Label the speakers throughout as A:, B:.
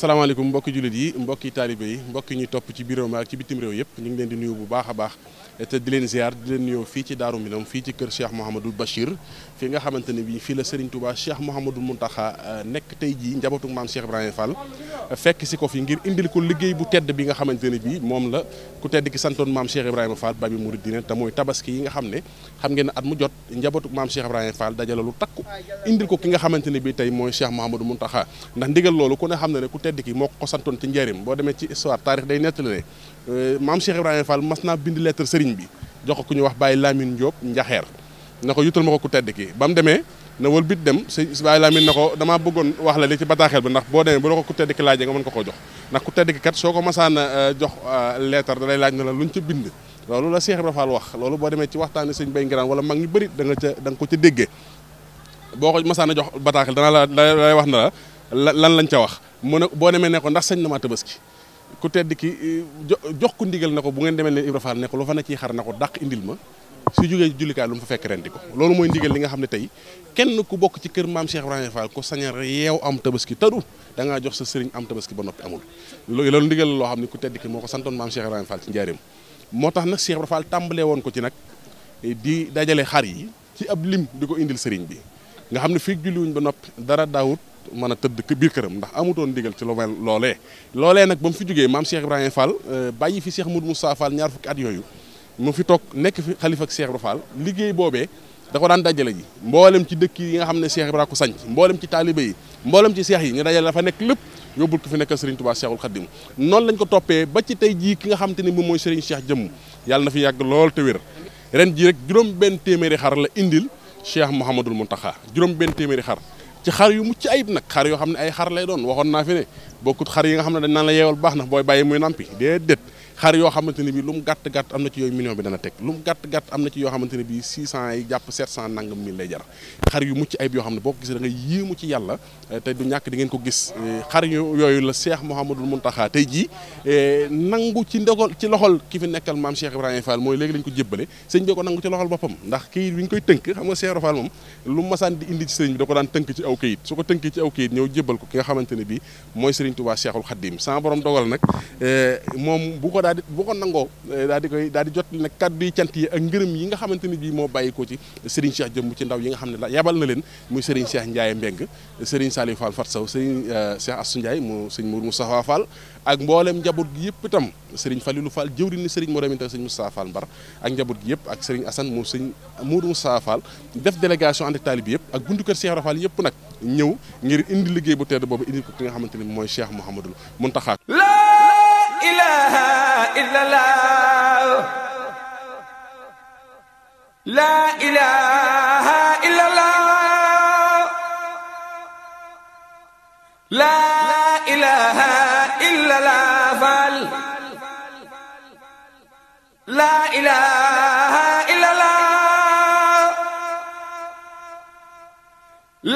A: salaamaaleykum mbokki jullit yi mbokki taalibe yi mbokki topp ci biir réew mi ak ci bitim réew yëpp ñu ngi leen di nuyu bu baax a baax te di leen ziar di leen nuyoo fii ci Daaru Minam fii ci kër Cheikh Mouhamadul Bachir fi nga xamante ne bii fii la Serigne Touba Cheikh Mouhamadul Mountakha euh, nekk tey jii njabootu maam Cheikh Ibrahima Fall euh, fekk si ko fi ngir indil ko liggéey bu tedd bi nga xamante ne bii moom la ku tedd santoon maam Cheikh Ibrahima Fall Babi Mouridine te mooy tabaski yi nga xam ne xam ngeen ne at mu jot njabootu maam Cheikh Ibrahima Fall dajale lu takku indil ko ki nga xamante ne bii tey mooy Cheikh Mouhamadul Mountakha ndax ndigal loolu ko ne xam ne ne ku tedd ki moo ko santoon ci njëriñ boo demee ci histoire taarix day nettali Euh, maam Cheikh Ibrahima Fall mas naa bind lettre sëriñ bi jox ko ku ñu wax Baye Lamine Diop njaxeer na ko yutal ma ko ku tedd ki ba mu demee na wal bit dem sëñ Baye Lamine na ko damaa bëggoon wax la li ci bataaxel bi ndax boo demee bu la ko ku tedd ki laajee nga mën ko koo jox ndax ku tedd soo ko masaana euh, jox euh, lettre da laaj na la luñ ca bind loolu la Cheikh wax loolu boo demee ci waxtaane sëñ Bay Ngiraan wala mag ñu bëri da nga ca ko ca déggee boo ko masaana jox bataaxel dana la lay wax na la lan lañ ca wax mu ne boo demee ne ko ndax sëñ na maa tabaski ku tedd ki eh, jox ko ndigal na ko bu ngeen demee leen Ibra Fall ne ko lu fa na ciy xar na ko dàq indil ma su jógee jullikaay lu mu fa fekk ren ko loolu mooy ndigal li nga xam ne tey kenn ku bokk ci kër maam Cheikh Ibrahima Fall ko sañar yeew am tabaski tëdu da ngaa jox sa sëriñ am tabaski ba noppi amul loolu ndigal la loo xam ne ku tedd ki moo ko santoon maam Cheikh Ibrahima Fall ci njaareem moo tax nag Cheikh Ibrahima Fall tàmbalee woon ko ci nag eh, di dajale xar yi ci ab lim di ko indil sëriñ bi nga xam ne fii julliwuñ ba noppi dara daawut mën a tëdd biir këram ndax amutoon ndigal ci lu mel loolee loolee nag ba mu fi jógee maam Cheikh Ibrahima Fall euh, bàyyi fi Cheikh Moudou Moussa Fall ñaar fukki at yooyu mu fi toog nekk fi xalifa ak Cheikh liggéey boobee dafa ko daan dajale ji mboolem ci dëkk yi nga xam ne Cheikh Ibrahima ko sañ mboolem ci taalibe yi mboolem ci seex yi ñu dajale dafa nekk lépp yóbbul ko fi nekkal Serigne Touba Cheikhul Khadim noonu lañ ko toppee ba ci tey jii ki nga xam te ni moom mooy Serigne Cheikh jëmm yàlla na fi yàgg lool te wér ren jii rek juróom benn téeméeri xar la indil Cheikh Mouhamadoul Mountakha juróom benn téeméeri xar ci xar yu mucc ayib nag xar yoo xam ne ay xar lay doon waxoon naa fi ne bokkut xar yi nga xam ne dañ naan la yeewal baax na booy bàyyi muy nampi déedéet xar yoo xamante ne bi lu mu gàtt gàtt am na ci yooyu million bi dana teg lu mu gàtt gàtt am na ci eh, eh, yooyu la eh, ki fi nekkal maam Cheikh Ibrahima Fall mooy léegi lañ ko jébbale sëñ bi ko nangu bi ñu ko daan tënk ci aw kayit su ko tënkee ci aw kayit ñëw jébbal ko ki nga xamante bi mooy sëriñ Touba Cheikhul Khadim sama borom dogal nag moom bu ko daal di bu ko nangoo eh, daal di koy daal di jot nag kaddu yi cant yi ak ngërëm yi nga xamante ni bii moo bàyyi ko ci Serigne Cheikh jëmb ci ndaw yi nga xam ne la yabal na leen muy Serigne Cheikh Ndiaye Mbeng Serigne Saliou Fall Fat Sow Serigne eh, Cheikh Assou Ndiaye mu Serigne Mour Moustapha Fall ak mbooleem njaboot gi yëpp itam Serigne Falilou Fall jëwriñ ni Serigne moo reminta Serigne Moustapha Fall Mbar njaboot yëpp ak Serigne Assane moom Serigne Mour Moustapha Fall def délégation ànd ak bi yëpp ak buntu kër Cheikh Rafal yëpp nag ñëw ngir indi liggéey bu tedd boobu indi ko ki nga xamante ni mooy Cheikh Mouhamadoul Mountakha ilaha
B: illallah la ilaha illallah la ilaha illallah fal la ilaha illallah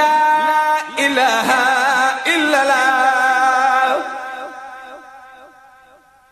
B: la ilaha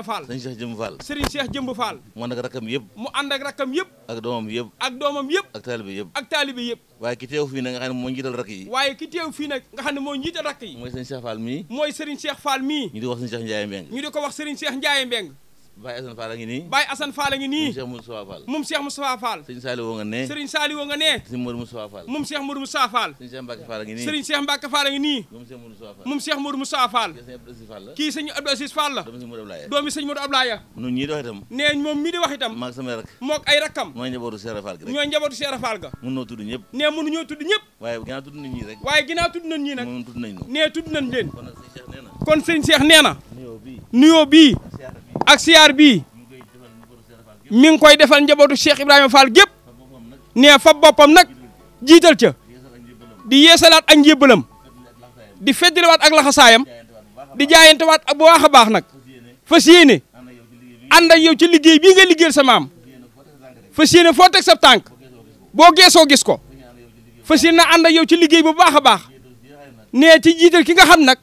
C: Ibrahima Fall sëriñ Cheikh Jëmb Fall sëriñ Cheikh Jëmb Fall mu rakkam yëpp mu ànd ak rakkam yëpp ak doomam yëpp ak doomam yëpp ak taalibe yëpp ak taalibe yëpp waaye ki teew fii nga xam ne moo njiital rakk waaye ki teew fii nag nga xam ne moo njiital rakk yi mooy sëriñ Cheikh Fall mii mooy sëriñ Cheikh Fall mii ñu di wax ko wax sëriñ Cheikh Ndiaye Mbeng Baye Assane Fall a ngi nii Baye Assane Fall a ngi nii Cheikh Moustapha Fall moom Cheikh Moustapha Fall Serigne Saliou woo nga ne Serigne Saliou woo nga ne Serigne Modou Moustapha Fall moom Cheikh Modou Moustapha Fall Serigne Cheikh Mbacke Fall a ngi nii Serigne Cheikh Mbacke Fall a ngi nii moom Cheikh Modou Moustapha Fall moom Cheikh Modou Moustapha Fall kii Serigne Abdou Aziz Fall la doomi Serigne Modou Ablaye ñun ñii di wax itam nee moom mii di wax itam maag sama rak moog ay rakkam ñooy njabootu Cheikh Fall ga ñooy njabootu Cheikh Fall ga mën noo tudd ñëpp nee mënu ñoo tudd ñëpp waaye ginnaaw tudd nañ ñii rek waaye ginnaaw tudd nañ ñii nag moom tudd nañ nee tudd nañ leen kon Serigne Cheikh nee na nuyoo bii ak siyaar bii mi koy defal njabootu Cheikh Ibrahima Fall gépp nee fa boppam nag jiital ca di yeesalaat ak njébbalam di feddliwaat ak laxasaayam di jaayantewaat bu waax a baax nag fas yéene ànd ak yow ci liggéey bii nga liggéeyal sa maam fas yéene foo teg sa tànk boo geesoo gis ko fas yéene ànd ak yow ci liggéey bu baax a baax nee ci jiital ki nga xam nag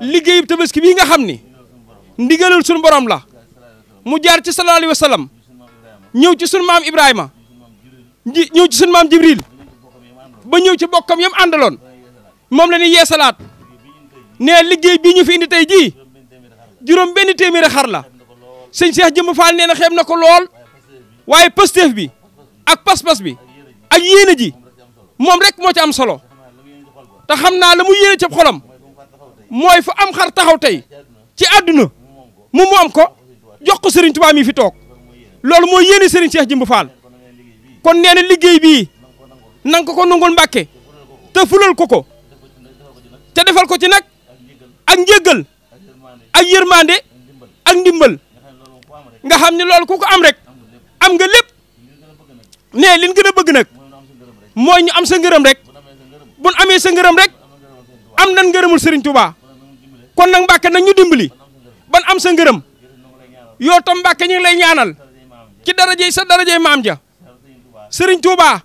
C: liggéeyu tabaski bii nga xam ni ndigalul suñu borom la mu jaar ci sallallahu alayhi ñëw ci suñu maam Ibrahima ji ñëw ci suñu maam Jibril ba ñëw ci bokkam yam àndaloon moom la ñuy yeesalaat nee liggéey bi ñu fi indi tey jii juróom benn téeméeri xar la sëñ Cheikh Jëmb Fall nee na xeeb na ko lool waaye pasteef bi ak paspas bi ak yéene ji moom rek moo ci am solo te xam naa la mu yéene ci xolam mooy fu am xar taxaw tey ci àdduna moom mu am ko jox ko Serigne Touba mi fi toog loolu mooy yéene Serigne Cheikh Jëmb Fall kon nee liggéey bii nan ko ko nangul Mbàkke te fulal ko ko te defal ko ci nag ak njéggal ak yërmande ak ndimbal nga xam ne loolu ko ko am rek am nga lépp ne liñ gën a bëgg nag mooy ñu am sa ngërëm rek bu ñu amee sa ngërëm rek am nan ngërëmul Serigne Touba kon nag Mbàkke nag ñu dimbali. ban am sa ngërëm yow tam Mbàkke ñu lay ñaanal ci darajey sa darajey maam ja sëriñ Touba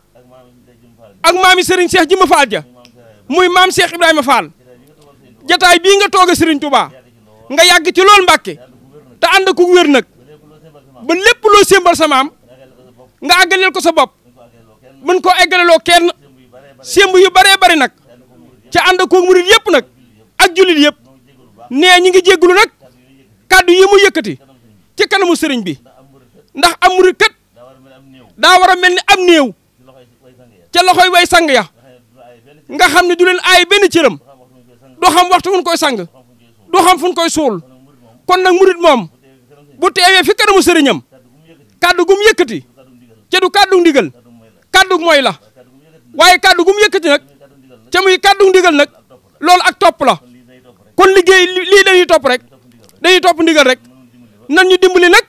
C: ak maami sëriñ Cheikh Jimba Fall ja muy maam Cheikh Ibrahima Fall jataay bii nga toog a sëriñ Touba nga yàgg ci lool Mbàkke te ànd ku wér nag ba lépp loo sémbal sa maam nga àggaleel ko sa bopp ko koo eggaleloo kenn sémb yu baree bari nag ca ànd ak murit yëpp nag ak jullit yëpp nee ñi ngi jégglu nag kàddu yi mu yëkkati ci kanamu sëriñ bi ndax am murit kat daa war a mel ni am néew ca loxoy way sang ya nga xam ne du leen aay benn cëram du xam waxtu fu ñu koy sang du xam fu ñu koy suul kon nag murit moom bu teewee fi kanamu sëriñam kàddu gum yëkkati ca du kàddu ndigal kàddu mooy la waaye kàddu gum yëkkati nag ca muy kàddu ndigal nag loolu ak topp la kon liggéey lii dañuy topp rek dañuy topp ndigal rek nan ñu dimbali nag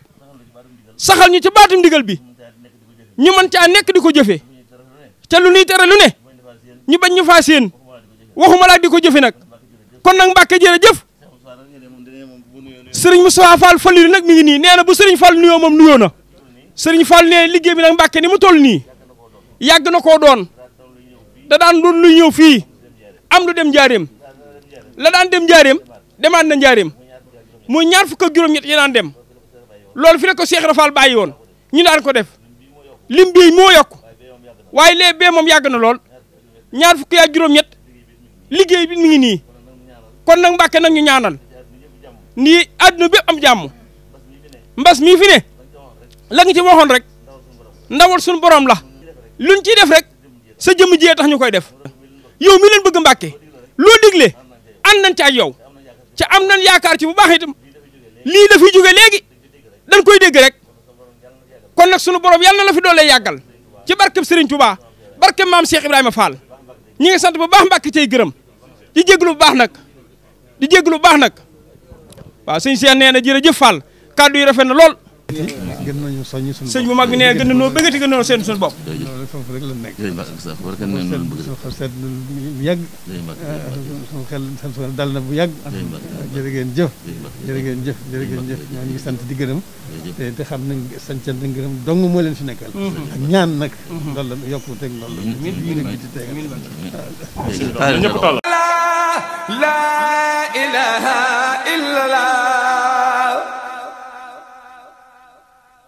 C: saxal ñu ci baatum ndigal bi ñu mën caa nekk di ko jëfe ca lu nuy tere lu ne ñu bañ ñu faa séen waxuma laa di ko jëfe nag kon nag Mbàkke jërëjëf sëriñ Moussa Fall Fallilu nag mi ngi nii nee na bu sëriñ Fall nuyoo moom nuyoo na sëriñ Fall nee liggéey bi nag Mbàkke ni mu toll nii yàgg na koo doon da daan doon luy ñëw fii am lu dem njaareem la daan dem njaareem demaan na njaareem mooy ñaar fukk ak juróom-ñett yi daan dem loolu fi la ko Cheikh Rafal bàyyi woon ñu daan ko def lim bii moo yokk waaye lee bee moom yàgg na lool ñaar fukk ak juróom-ñett liggéey bi mi ngi nii kon nag Mbàkke nag ñu ñaanal nii àdduna bépp am jàmm mbas mii fi ne la ci waxoon rek ndawal suñu borom la luñ ciy def rek sa jëmm jiyee tax ñu koy def yow mi leen bëgg Mbàkke loo digle ànd nañ ci yow ca am nan yaakaar ci bu baax itam lii dafay jóge léegi dañ koy dégg rek kon nag sunu borom yàlla na la fi doo doolee yàggal ci barkeb Serigne Touba barkeb maam Cheikh Ibrahima Fall ñi ngi sant bu baax Mbàkke cay gërëm di jéglu bu baax nag di jéglu bu baax nag waaw sëñ Cheikh nee na jërëjëf Fall kàddu yi rafet na lool. gën nañu soññ suñu sëñ bu mag bi nee gën nañoo bëggati gën nañoo seen suñu bopp. loolu foofu rek la nekk. yooyu bu yàgg. suñu xel xel dal na bu yàgg. jërë ngeen jëf. jërë ngeen jëf jërë ngeen jëf ñoo ngi sant di gërëm. te te xam nañ sancant di gërëm dong moo leen fi nekkal. Mm-hmm. ak ñaan nag. Mm-hmm. loolu la yokkuteeg loolu la. mi mi
B: mi mi mi mi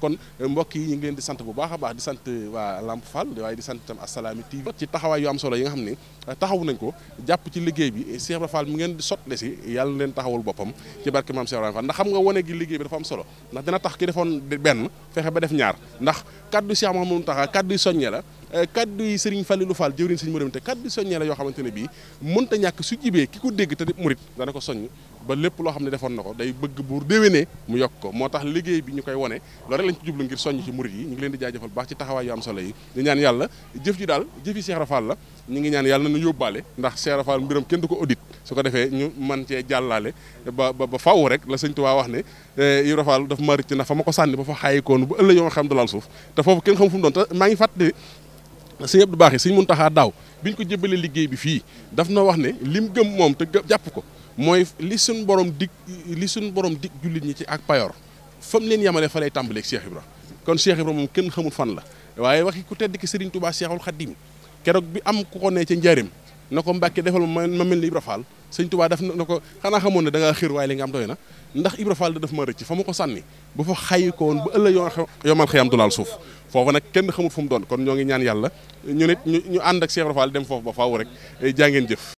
A: kon euh, mbokk yi ñu ngi leen di sant bu baax a baax di sant euh, waa Lamp Fall waaye di sant itam Assalaamy TV ci taxawaay yu am solo yi nga xam ni euh, taxawu nañ ko jàpp ci liggéey bi Cheikh Ibra Fall ngeen di sotle si yàlla leen taxawul boppam ci ndax xam nga wone gi liggéey bi dafa am solo ndax dina tax ki defoon benn fexe ba def ñaar ndax kaddu Cheikh Mamadou taxaa kaddu soññe la kaddu yi Serigne Fallilou Fall jëwriñ Serigne Modou te kaddu soññe la yoo xamante ne bii mënta ñàkk su jibee ki ko dégg te ko soññ ba lépp loo xam ne defoon na ko day bëgg bu déwénee mu yokk ko moo tax liggéey bi ñu koy wone loolu rek lañ ci jublu ngir soññ ci murit yi ñu ngi leen di jaajëfal baax ci taxawaay yu ñaan yàlla jëf ji daal jëfi Cheikh Rafal la ñu ngi ñaan yàlla na ñu yóbbaale ndax Cheikh Rafal mbiram kenn du ko audit su ko defee ñu man cee jàllaale ba ba faw rek la sëñ Tuubaa wax ne eh, Ibra Rafal daf ma rëcc na fa ma ko sànni ba fa xaayikoon bu ëllëg yoo xam du laal suuf te foofu kenn sëñ Abdou Baax sëñ Muntaxa daaw bi ñu ko jëbalee liggéey bi fii daf na wax ne lim gëm moom te jàpp ko mooy li suñ borom dig li suñ borom dig jullit ñi ci ak payor fam leen yamale fa lay tàmbaleeg Cheikh Ibra kon Cheikh Ibra moom kenn xamul fan la waaye waxi ku tedd ki Serigne Touba Cheikhul Khadim keroog bi am ku ko nee ca njaarim na ko Mbàkke defal ma ma mel ni Ibra Fall sëñ Touba def na ko xanaa xamoon ne da ngaa xër waaye li nga am doy na ndax Ibra Fall da def ma rëcc fa ma ko sànni bu fa xayi ko woon ba ëllëg yoo yomal xëyam du laal suuf foofa nag kenn xamul fu mu doon kon ñoo ngi ñaan yàlla ñu nit ñu ànd ak Cheikh Ibra dem foofu ba faaw rek jaa ngeen jëf